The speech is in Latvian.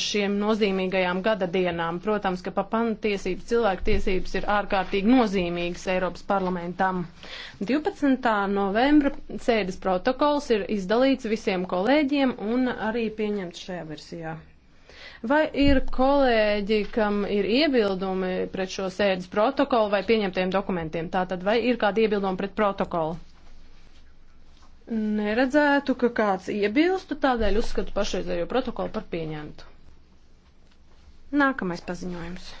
šiem nozīmīgajām gada dienām. Protams, ka papantiesības, cilvēktiesības ir ārkārtīgi nozīmīgas Eiropas parlamentam. 12. novembra sēdes protokols ir izdalīts visiem kolēģiem un arī pieņemts šajā versijā. Vai ir kolēģi, kam ir iebildumi pret šo sēdes protokolu vai pieņemtiem dokumentiem? Tātad, vai ir kādi iebildumi pret protokolu? Neredzētu, ka kāds iebilstu, tādēļ uzskatu pašreizējo protokolu par pieņemtu. Nākamais paziņojums.